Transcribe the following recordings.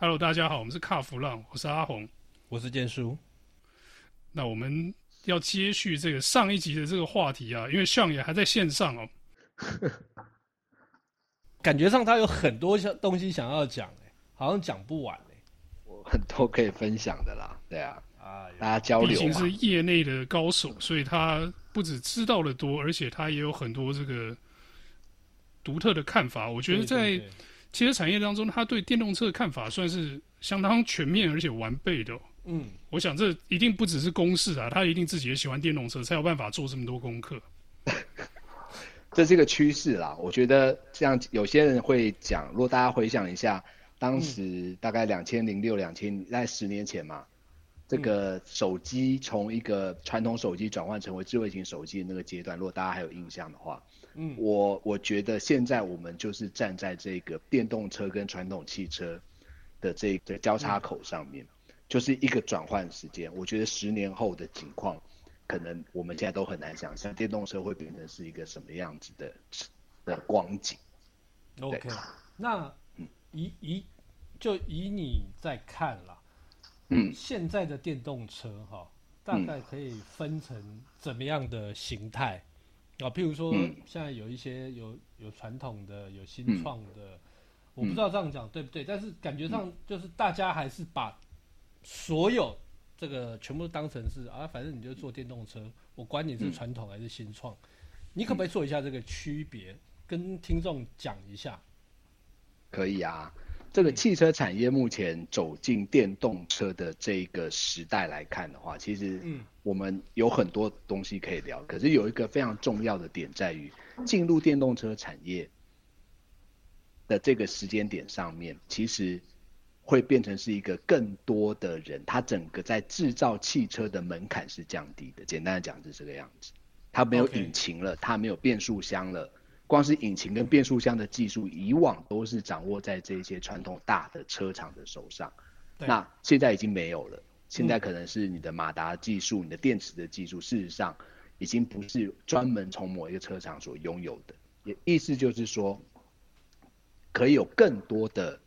Hello，大家好，我們是卡弗浪，我是阿紅，我是建叔。那我們要接續這個上一集的這個話題啊，因為 Sean 也還在線上哦， 感覺上他有很多東西想要講，好像講不完哎，我很多可以分享的啦，對啊，啊，大家交流，他已經是業內的高手，所以他不止知道的多，而且他也有很多這個獨特的看法，我覺得在對對對。其實產業當中，他對電動車的看法算是相當全面，而且完備的哦。嗯，我想這一定不只是公事啊，他一定自己也喜歡電動車，才有辦法做這麼多功課。這是一個趨勢啦，我覺得這樣，有些人會講。如果大家回想一下，當時大概兩千零六兩千，在十年前嘛，這個手機從一個傳統手機轉換成為智慧型手機的那個階段，如果大家還有印象的話。嗯，我我覺得現在我們就是站在這個電動車跟傳統汽車的這個交叉口上面，嗯、就是一個轉換時間。我覺得十年後的情況，可能我們現在都很難想象，電動車會變成是一個什麼樣子的的光景。OK，那以、嗯、以就以你在看啦，嗯，現在的電動車哈、哦，大概可以分成怎麼樣的形態？嗯啊、哦，譬如說，現在有一些有、嗯、有傳統的，有新創的，嗯、我不知道這樣講、嗯、對不對，但是感覺上就是大家還是把所有這個全部都當成是啊，反正你就坐電動車，我管你是傳統還是新創，嗯、你可不可以做一下這個區別，跟聽眾講一下？可以啊。這個汽車產業目前走進電動車的這個時代來看的話，其實嗯，我們有很多東西可以聊。可是有一個非常重要的點在於，進入電動車產業的這個時間點上面，其實會變成是一個更多的人，他整個在制造汽車的門檻是降低的。簡單的講就是這個樣子，它沒有引擎了，它沒有變速箱了。Okay. 光是引擎跟變速箱的技術，以往都是掌握在這些傳統大的車廠的手上，對，那現在已經沒有了。現在可能是你的馬達技術、嗯、你的電池的技術，事實上已經不是專門從某一個車廠所擁有的。也意思就是說，可以有更多的。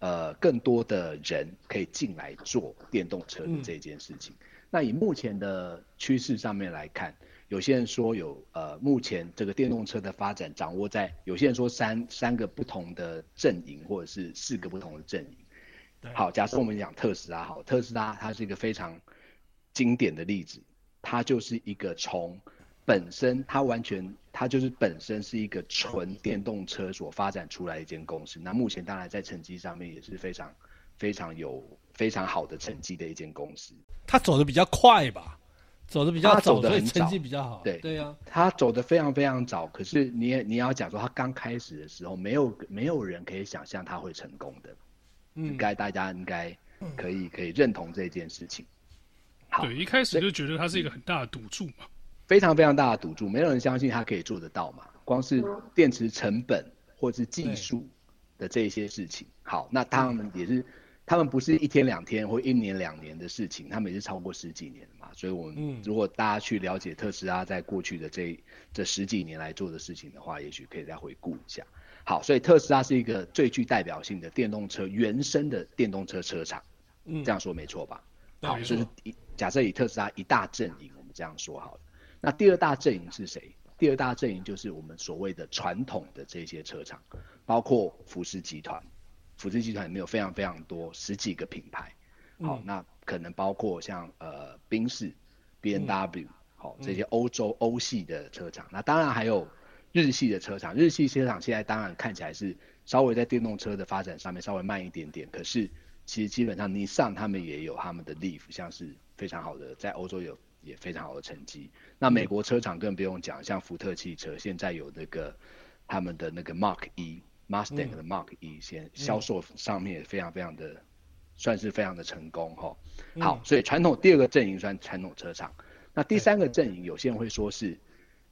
呃，更多的人可以進來做電動車的這件事情。嗯、那以目前的趨勢上面來看，有些人說有呃，目前這個電動車的發展掌握在有些人說三三個不同的陣營或者是四個不同的陣營。對好，假設我們講特斯拉，好，特斯拉它是一個非常經典的例子，它就是一個從本身它完全。它就是本身是一個純電動車所發展出來的一間公司，那目前當然在成績上面也是非常非常有非常好的成績的一間公司。它走的比較快吧，走的比較早，所以成績比較好。對對啊，它走的非常非常早，可是你你要講說它剛開始的時候，嗯、沒有沒有人可以想象它會成功的，嗯、應該大家應該可以、嗯、可以可以認同這件事情。對，一開始就覺得它是一個很大的賭注嘛。非常非常大的賭注，沒有人相信他可以做得到嘛？光是電池成本或是技術的這些事情，對好，那他們也是，他們不是一天兩天或一年兩年的事情，他們也是超過十幾年嘛。所以，我們如果大家去了解特斯拉在過去的這、嗯、這十幾年來做的事情的話，也許可以再回顧一下。好，所以特斯拉是一個最具代表性的電動車原生的電動車車廠，嗯，這樣說沒錯吧？嗯、好，就有是假設以特斯拉一大陣營，我們這樣說好了。那第二大陣營是誰？第二大陣營就是我們所謂的傳統的這些車廠，包括福斯集團。福斯集團裡面有非常非常多十幾個品牌，嗯、好，那可能包括像呃賓士、B M W，好、嗯哦、這些歐洲歐系的車廠，嗯、那當然還有日系的車廠，日系車廠現在當然看起來是稍微在電動車的發展上面稍微慢一點點，可是其實基本上你上他們也有他們的 l i 像是非常好的在歐洲有。也非常好的成績。那美國車廠更不用講，嗯、像福特汽車現在有那個他們的那個 Mach-E Mustang 的 Mach-E，先銷售上面也非常非常的，算是非常的成功哈。嗯、好，所以傳統第二個陣營算傳統車廠。那第三個陣營，有些人會說是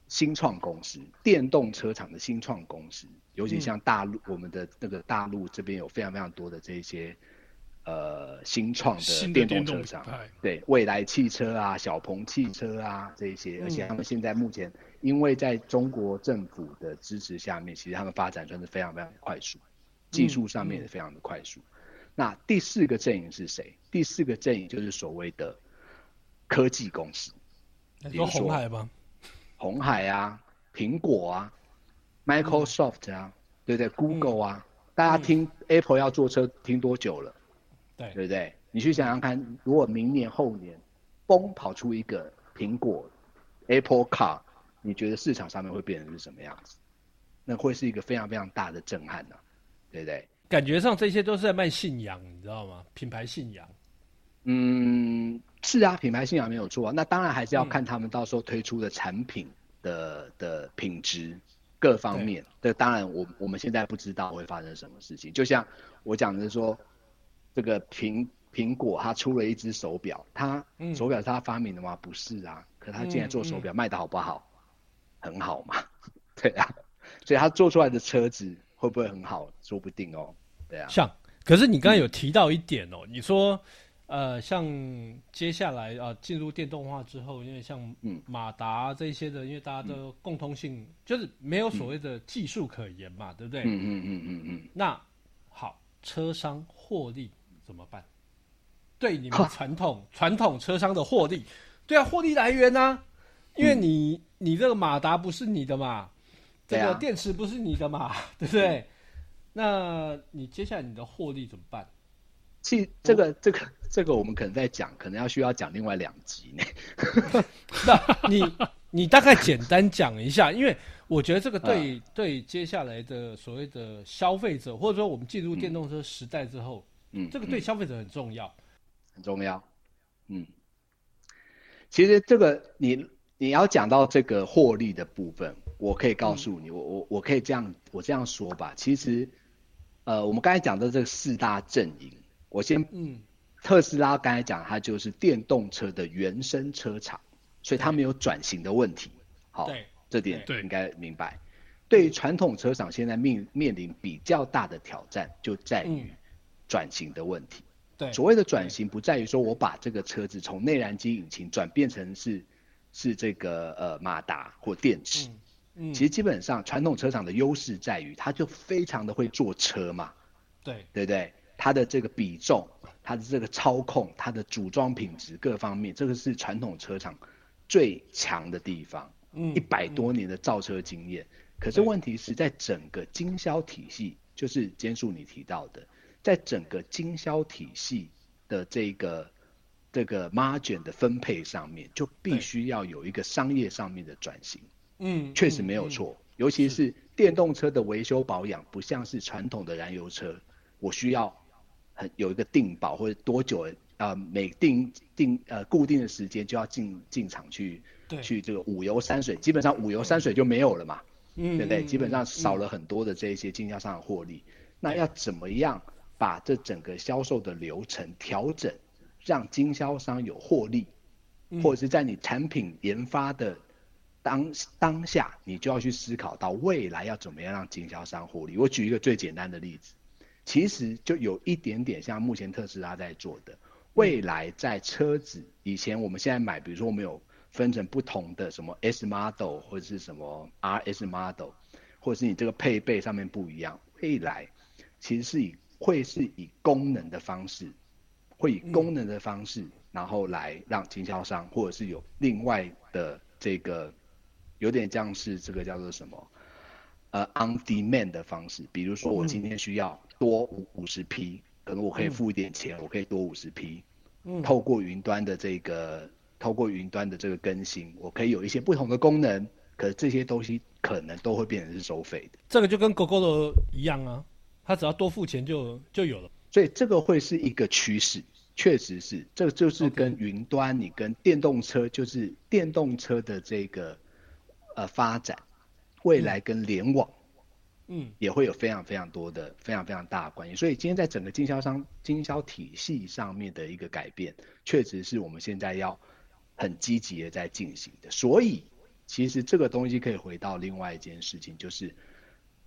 新創公司，嗯、電動車廠的新創公司，尤其像大陸，嗯、我們的那個大陸這邊有非常非常多的這些。呃，新創的電動車廠，對，蔚來汽車啊，小鵬汽車啊，這一些，嗯、而且他們現在目前，因為在中國政府的支持下面，其實他們發展算是非常非常快速，技術上面也非常的快速。嗯嗯、那第四個陣營是誰？第四個陣營就是所謂的科技公司，比如說鴻海嗎？鴻海啊，蘋果啊，Microsoft 啊，嗯、對不對？Google 啊，嗯、大家聽 Apple 要坐車聽多久了？對，對不對？你去想想看，如果明年後年，崩跑出一個蘋果 Apple Car，你覺得市場上面會變成是什麼樣子？那會是一個非常非常大的震撼呢、啊，對不對？感覺上這些都是在賣信仰，你知道嗎？品牌信仰。嗯，是啊，品牌信仰沒有錯啊。那當然還是要看他們到時候推出的產品的、嗯、的品質，各方面。那對當然，我我們現在不知道會發生什麼事情。就像我講的說。這個蘋蘋果，它出了一隻手表，它手表是他發明的嗎？嗯、不是啊，可是他現在做手表，嗯、賣得好不好？嗯、很好嘛，對呀、啊，所以他做出來的車子會不會很好？說不定哦，對呀、啊。像，可是你剛才有提到一點哦，嗯、你說，呃，像接下來啊、呃，進入電動化之後，因為像馬達這些的，嗯、因為大家的共通性就是沒有所謂的技術可言嘛，嗯、對不對？嗯嗯嗯嗯嗯。嗯嗯嗯那好，車商獲利。怎麼辦？對你們傳統、哦、傳統車商的獲利，對啊，獲利來源呢、啊？因為你你這個馬達不是你的嘛，嗯、這個電池不是你的嘛，對啊、對不對？那你接下來你的獲利怎麼辦？這這個我這個這個我們可能在講，可能要需要講另外兩集呢。 那你你大概簡單講一下， 因為我覺得這個對、啊、對接下來的所謂的消費者，或者說我們進入電動車時代之後。嗯嗯，這個對消費者很重要、嗯，很重要，嗯。其實這個你你要講到這個獲利的部分，我可以告訴你，嗯、我我我可以這樣我這樣說吧。其實，嗯、呃，我們剛才講到這四大陣營，我先，嗯，特斯拉剛才講，它就是電動車的原生車廠，嗯、所以它沒有轉型的問題，對好，對，這點對應該明白。對,對,對於傳統車廠，現在面面臨比較大的挑戰，就在於、嗯。轉型的問題，對，對所謂的轉型不在於說我把這個車子從內燃機引擎轉變成是是這個呃馬達或電池，嗯，嗯其實基本上傳統車廠的優勢在於它就非常的會做車嘛，對，對對對，它的這個比重，它的這個操控，它的組裝品質各方面，這個是傳統車廠最強的地方，嗯，一百多年的造車經驗。嗯嗯，可是問題是在整個經銷體系，就是堅樹你提到的。在整個經銷體系的這個這個 margin 的分配上面，就必須要有一個商業上面的轉型。嗯，確實沒有錯。嗯嗯、尤其是電動車的維修保養，是不像是傳統的燃油車，我需要很有一個定保或者，多久啊、呃，每定定呃固定的時間就要進進廠去對去這個五油三水，基本上五油三水就沒有了嘛，嗯、對不對？嗯嗯、基本上少了很多的這一些經銷商的獲利。嗯、那要怎麼樣？把這整個銷售的流程調整，讓經銷商有獲利，或者是在你產品研發的當當下，你就要去思考到未來要怎麼樣讓經銷商獲利。我舉一個最簡單的例子，其實就有一點點像目前特斯拉在做的，未來在車子以前我們現在買，比如說我們有分成不同的什麼 S model 或者是什麼 RS model，或者是你這個配備上面不一樣，未來其實是以。會是以功能的方式，會以功能的方式，嗯、然後來讓經銷商或者是有另外的這個，有點像是這個叫做什麼，呃，on demand 的方式。比如說我今天需要多五五十匹，可能我可以付一點錢，嗯、我可以多五十匹。嗯。透過雲端的這個，透過雲端的這個更新，我可以有一些不同的功能，可是這些東西可能都會變成是收費的。這個就跟 Google 的一樣啊。他只要多付錢就就有了，所以這個會是一個趨勢，嗯、確實是，這個就是跟雲端，嗯、你跟電動車，就是電動車的這個，呃，發展，未來跟聯網，嗯，嗯，也會有非常非常多的、非常非常大的關係。所以今天在整個經銷商經銷體系上面的一個改變，確實是我們現在要很積極的在進行的。所以其實這個東西可以回到另外一件事情，就是。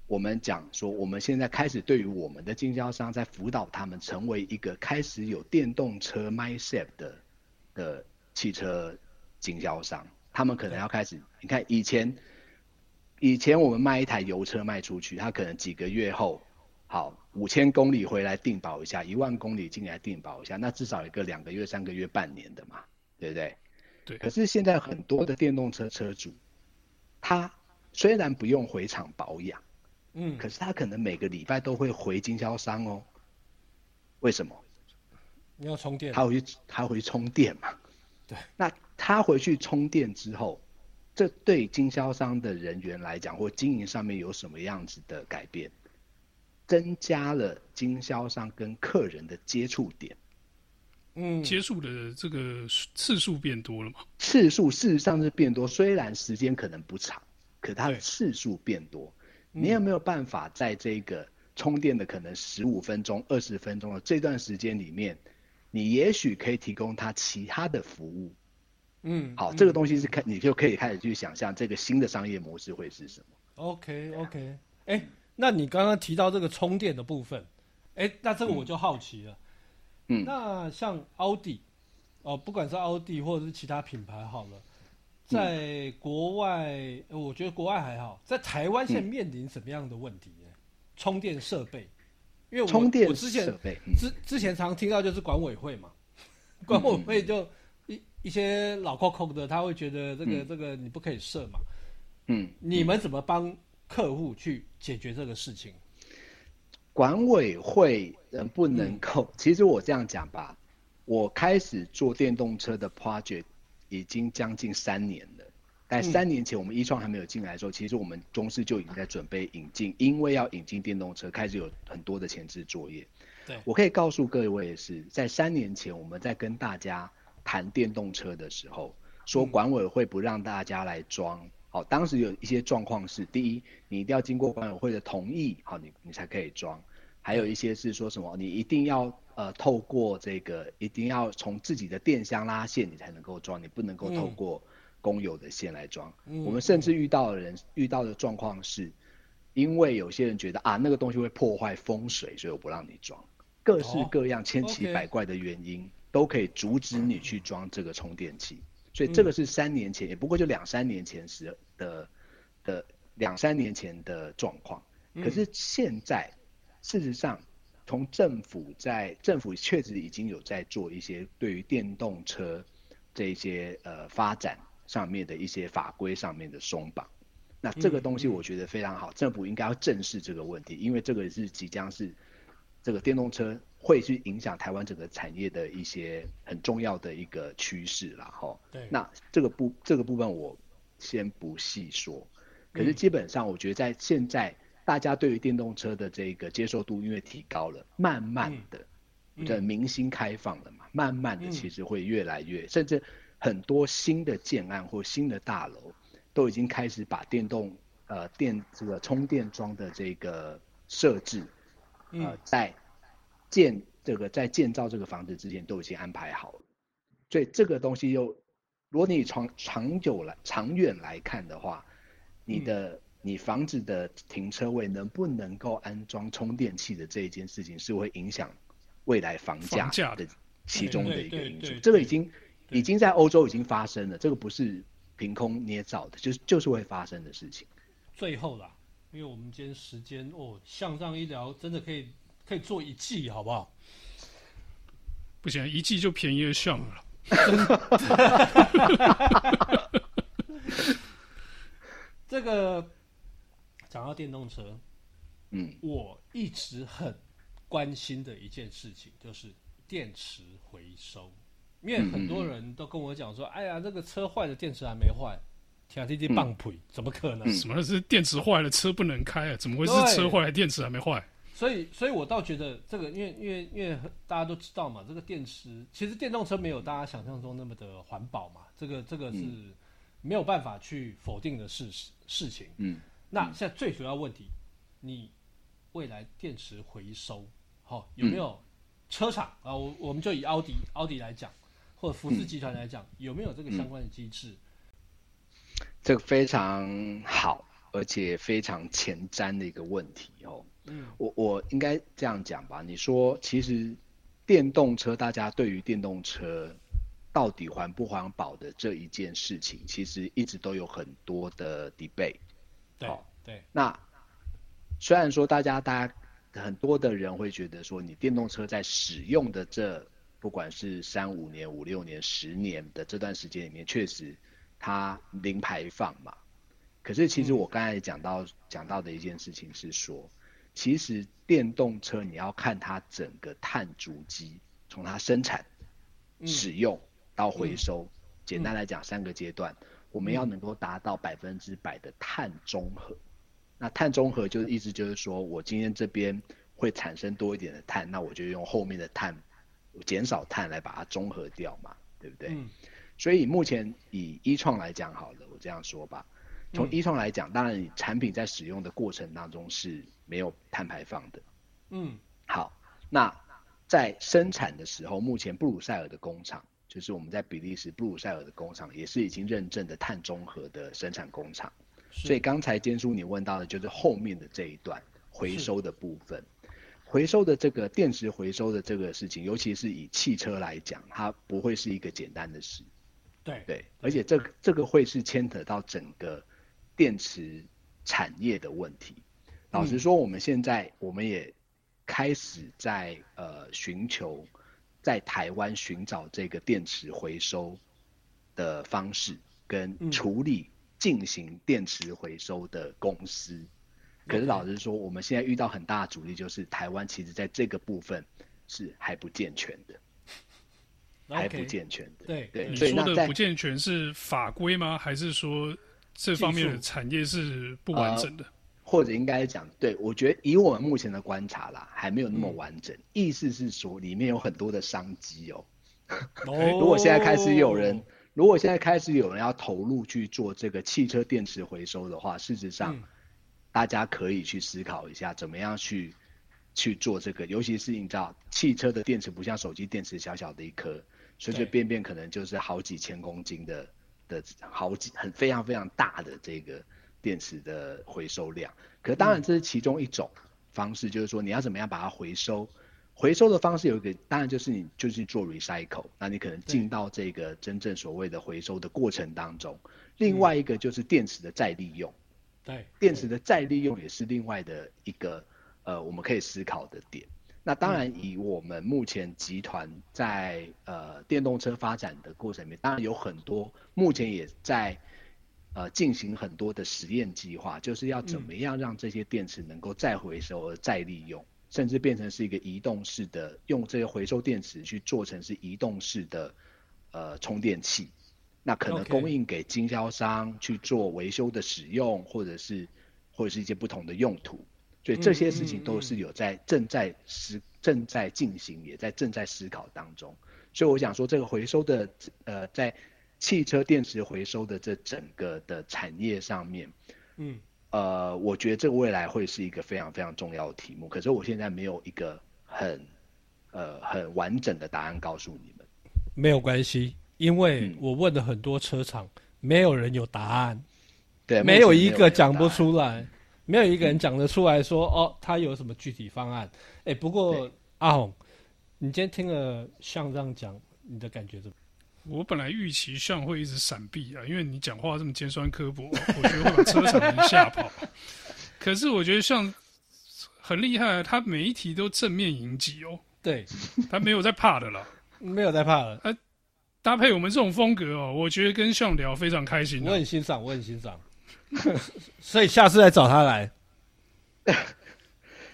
我們講說，我們現在開始對於我們的經銷商，在輔導他們成為一個開始有電動車 Mindset 的的汽車經銷商。他們可能要開始，你看以前，以前我們賣一台油車賣出去，他可能幾個月後，好五千公里回來定保一下，一萬公里進來定保一下，那至少一個兩個月、三個月、半年的嘛，對不對？對。可是現在很多的電動車車主，他雖然不用回廠保養。嗯，可是他可能每個禮拜都會回經銷商哦，嗯、為什麼？你要充電？他回去，他回去充電嘛？對。那他回去充電之後，這對經銷商的人員來講，或經營上面有什麼樣子的改變？增加了經銷商跟客人的接觸點。嗯，接觸的這個次數變多了嘛？次數事實上是變多，雖然時間可能不長，可他的次數變多。嗯你有沒有辦法在這個充電的可能十五分鐘、二十分鐘的這段時間裡面，你也許可以提供他其他的服務？嗯，好，嗯、這個東西是開，你就可以開始去想象這個新的商業模式會是什麼。OK，OK，okay, okay. 哎、欸，那你剛剛提到這個充電的部分，哎、欸，那這個我就好奇了。嗯，嗯，那像奧迪，哦，不管是奧迪或者是其他品牌，好了。在國外，我覺得國外還好，在台灣現在面臨什麼樣的問題？嗯、充電設備，因為我充電設備我之前之、嗯、之前常聽到就是管委會嘛，管委會就、嗯、一一些老扣扣的，他會覺得這個、嗯、這個你不可以設嘛，嗯，你們怎麼幫客戶去解決這個事情？管委會人不能夠，嗯、其實我這樣講吧，我開始做電動車的 project。已經將近三年了，在三年前我們一創還沒有進來的時候，嗯、其實我們中市就已經在準備引進，因為要引進電動車，開始有很多的前置作業。對，我可以告訴各位的是，在三年前我們在跟大家談電動車的時候，說管委會不讓大家來裝。嗯、好，當時有一些狀況是：第一，你一定要經過管委會的同意，好，你你才可以裝。還有一些是說什麼，你一定要呃透過這個，一定要從自己的電箱拉線，你才能夠裝，你不能夠透過公有的線來裝。嗯、我們甚至遇到的人遇到的狀況是，嗯、因為有些人覺得啊那個東西會破壞風水，所以我不讓你裝。各式各樣千奇百怪的原因、哦、都可以阻止你去裝這個充電器。嗯、所以這個是三年前，嗯、也不過就兩三年前時的的兩三年前的狀況。嗯、可是現在。事實上，從政府在政府確實已經有在做一些對於電動車這一些呃發展上面的一些法規上面的鬆綁，那這個東西我覺得非常好，嗯嗯、政府應該要正視這個問題，因為這個是即將是這個電動車會去影響台灣整個產業的一些很重要的一個趨勢了哈。對。那這個部這個部分我先不細說，可是基本上我覺得在現在。嗯嗯大家對於電動車的這個接受度因為提高了，慢慢的，的、嗯、明星開放了嘛，嗯、慢慢的其實會越來越，嗯、甚至很多新的建案或新的大樓，都已經開始把電動呃電這個充電樁的這個設置，嗯、呃在建這個在建造這個房子之前都已經安排好了，所以這個東西又，如果你長長久來長遠來看的話，你的。嗯你房子的停車位能不能夠安裝充電器的這一件事情，是會影響未來房價的其中的一個因素。嗯、這個已經已經在歐洲已經發生了，這個不是憑空捏造的，就是就是會發生的事情。最後啦，因為我們今天時間哦，向上一聊真的可以可以做一季，好不好？不行，一季就便宜的笑了。這個。講到電動車，嗯，我一直很關心的一件事情就是電池回收。因為很多人都跟我講說：“嗯、哎呀，這、那個車壞了電池還沒壞，天天天棒腿，怎麼可能？什麼是電池壞了，車不能開啊？怎麼會是車壞了，對電池還沒壞？”所以，所以我倒覺得這個，因為因為因為大家都知道嘛，這個電池其實電動車沒有大家想象中那麼的環保嘛，嗯、這個這個是沒有辦法去否定的事事情。嗯。那現在最主要問題，嗯、你未來電池回收，好、哦、有沒有車廠啊？我、嗯、我們就以奧迪奧迪來講，或者福斯集團來講，嗯、有沒有這個相關的機制？這個非常好，而且非常前瞻的一個問題哦。嗯，我我應該這樣講吧？你說，其實電動車，大家對於電動車到底環不環保的這一件事情，其實一直都有很多的 debate。對好對，對，那雖然說大家大家很多的人會覺得說，你電動車在使用的這不管是三五年、五六年、十年的這段時間裡面，確實它零排放嘛。可是其實我剛才講到、嗯、講到的一件事情是說，其實電動車你要看它整個碳足跡，從它生產、使用到回收，嗯、簡單來講三個階段。我們要能夠達到百分之百的碳中和，嗯、那碳中和就意思就是說，我今天這邊會產生多一點的碳，那我就用後面的碳減少碳來把它中和掉嘛，對不對？嗯、所以目前以 e-tron 來講好了，我這樣說吧，從 e-tron 來講，嗯、當然你產品在使用的過程當中是沒有碳排放的。嗯。好，那在生產的時候，目前布魯塞爾的工廠。就是我們在比利時布魯塞爾的工廠，也是已經認證的碳中和的生產工廠。所以剛才堅叔你問到的，就是後面的這一段回收的部分，回收的這個電池回收的這個事情，尤其是以汽車來講，它不會是一個簡單的事。對對，而且這個這個會是牽扯到整個電池產業的問題。老實說，我們現在我們也開始在呃尋求。在台灣尋找這個電池回收的方式跟處理進行電池回收的公司、嗯，可是老實說，我們現在遇到很大的阻力，就是台灣其實在這個部分是還不健全的，還不健全的。Okay，對對，你說的不健全是法規嗎？還是說這方面的產業是不完整的？啊或者應該講，對我覺得以我們目前的觀察啦，還沒有那麼完整。嗯、意思是說，裡面有很多的商機哦。 如果現在開始有人，哦、如果現在開始有人要投入去做這個汽車電池回收的話，事實上，嗯、大家可以去思考一下，怎麼樣去去做這個。尤其是你知道，汽車的電池不像手機電池小小的一顆，隨隨便便可能就是好幾千公斤的對的，好幾很非常非常大的這個。電池的回收量，可當然這是其中一種方式，就是說你要怎麼樣把它回收。回收的方式有一個，當然就是你就是做 recycle，那你可能進到這個真正所謂的回收的過程當中。另外一個就是電池的再利用，對，電池的再利用也是另外的一個呃我們可以思考的點。那當然以我們目前集團在呃電動車發展的過程裡面，當然有很多，目前也在。呃，進行很多的實驗計劃，就是要怎麼樣讓這些電池能夠再回收、再利用，嗯、甚至變成是一個移動式的，用這些回收電池去做成是移動式的，呃，充電器，那可能供應給經銷商去做維修的使用，Okay. 或者是或者是一些不同的用途，所以這些事情都是有在正在思、嗯嗯嗯、正在進行，也在正在思考當中，所以我想說，這個回收的呃，在。汽車電池回收的這整個的產業上面，嗯，呃，我覺得這個未來會是一個非常非常重要的題目。可是我現在沒有一個很，呃，很完整的答案告訴你們。沒有關係，因為我問了很多車廠，嗯、沒有人有答案，對，沒有一個講不出來，沒，沒，有沒有一個人講得出來說，嗯、哦，他有什麼具體方案？哎，不過對阿紅，你今天聽了像這樣講，你的感覺怎？我本來預期像會一直閃避啊，因為你講話這麼尖酸刻薄，我覺得會把車場人嚇跑。 可是我覺得像很厲害，啊，他每一題都正面迎擊哦。對，他沒有在怕的了， 沒有在怕了，啊。搭配我們這種風格哦，我覺得跟相聊非常開心，啊我。我很欣賞，我很欣賞。所以下次再找他來。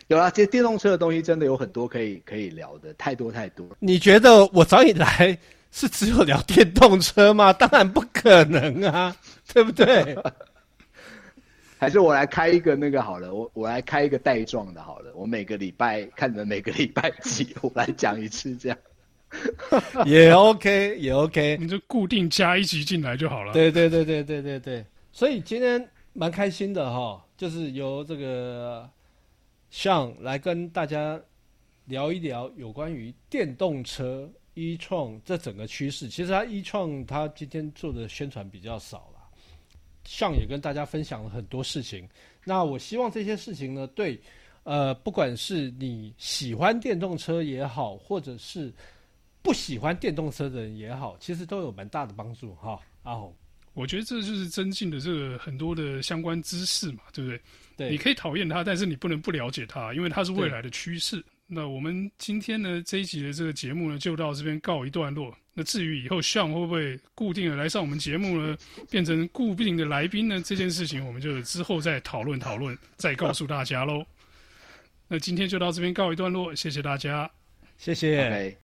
有啊，這電動車的東西真的有很多可以可以聊的，太多太多。你覺得我找你來？是只有聊電動車嗎？當然不可能啊，對不對？還是我來開一個那個好了，我我來開一個帶狀的好了。我每個禮拜看你每個禮拜幾， 我來講一次這樣。 也 OK，也 OK，你就固定加一集進來就好了。對對對對對對對，所以今天蠻開心的哈、哦，就是由這個 Sean 來跟大家聊一聊有關於電動車。e-tron，這整個趨勢，其實它 e-tron 它今天做的宣傳比較少了，上也跟大家分享了很多事情。那我希望這些事情呢，對，呃，不管是你喜歡電動車也好，或者是不喜歡電動車的人也好，其實都有蠻大的幫助哈。阿紅，我覺得這就是增進的這個很多的相關知識嘛，對不對？對，你可以討厭它，但是你不能不了解它，因為它是未來的趨勢。那我們今天呢，這一集的這個節目呢，就到這邊告一段落。那至於以後像會不會固定的來上我們節目呢，變成固定的來賓呢這件事情，我們就之後再討論討論，再告訴大家嘍。那今天就到這邊告一段落，謝謝大家，謝謝。Okay.